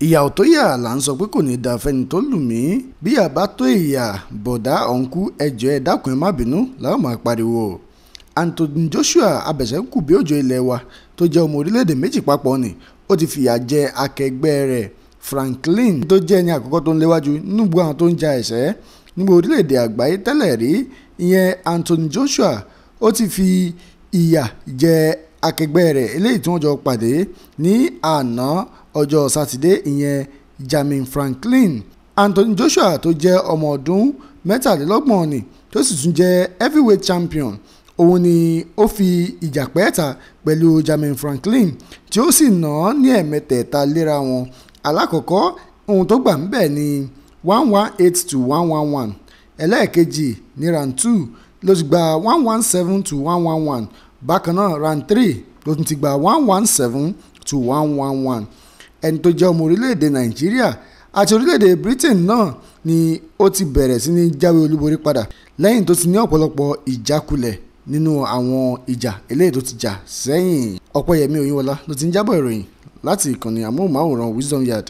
ìyà ò tó yà là ń sọ pé kò ní da fẹ́ni tó lù mí bí àbá tó ìyà bọ̀dá ọ̀nkú ẹjọ́ ẹ dákun ẹ má bínú làwọn máa pariwo Anthony Joshua abẹ̀sẹ̀kù bí òjò ilé wa tó jẹ́ ọmọ orílẹ̀-èdè méjì papọ̀ ni ó ti fìyà jẹ akẹgbẹ́ rẹ̀ Franklin tó jẹ́ ẹni àkọ́kọ́ tó ń léwájú nígbò àwọn tó ń ja ẹ̀sẹ́ nígbò orílẹ̀-èdè àgbáyé tẹ́lẹ̀ rí ìyẹn Anthony Joshua ó ti fi ìyà jẹ akẹgbẹ́ rẹ̀ eléyìí tí wọ́n jọ pàdé ní àná ọjọ́ sátidé ìyẹn Jamin Franklin Anthony Joshua tó jẹ́ ọmọ ọdún mẹ́tàlélọ́gbọ̀n ni tó sì tún jẹ́ heavyweight champion òun ni ó fi ìjà pẹ́ẹ́ta pẹ̀lú Jamin Franklin tí ó sì nà án ní ẹ̀mẹ́tẹ̀ẹ̀ta léra wọn alákọ̀ọ́kọ́ ohun tó gbà ń bẹ̀ ni one one eight to one one one ẹlẹ́ẹ̀kejì ní round two ló ti gba one one seven to one one one bákan náà round three ló tún ti gba one one seven to one one one ẹni tó jẹ́ ọmọ orílẹ̀-èdè nàìjíríà àti orílẹ̀-èdè britain náà ni ó ti bẹ̀rẹ̀ sí ní jáwé olúborí padà lẹ́yìn tó ti ní ọ̀pọ̀lọpọ̀ ìjákulẹ̀ nínú àwọn ìjà eléyìí tó ti jà sẹ́yìn ọ̀pọ̀yẹmí oyinwọlá ló ti ń jábọ̀ ìròyìn láti ìkànnì amóhùnmáwòrán wisdom yard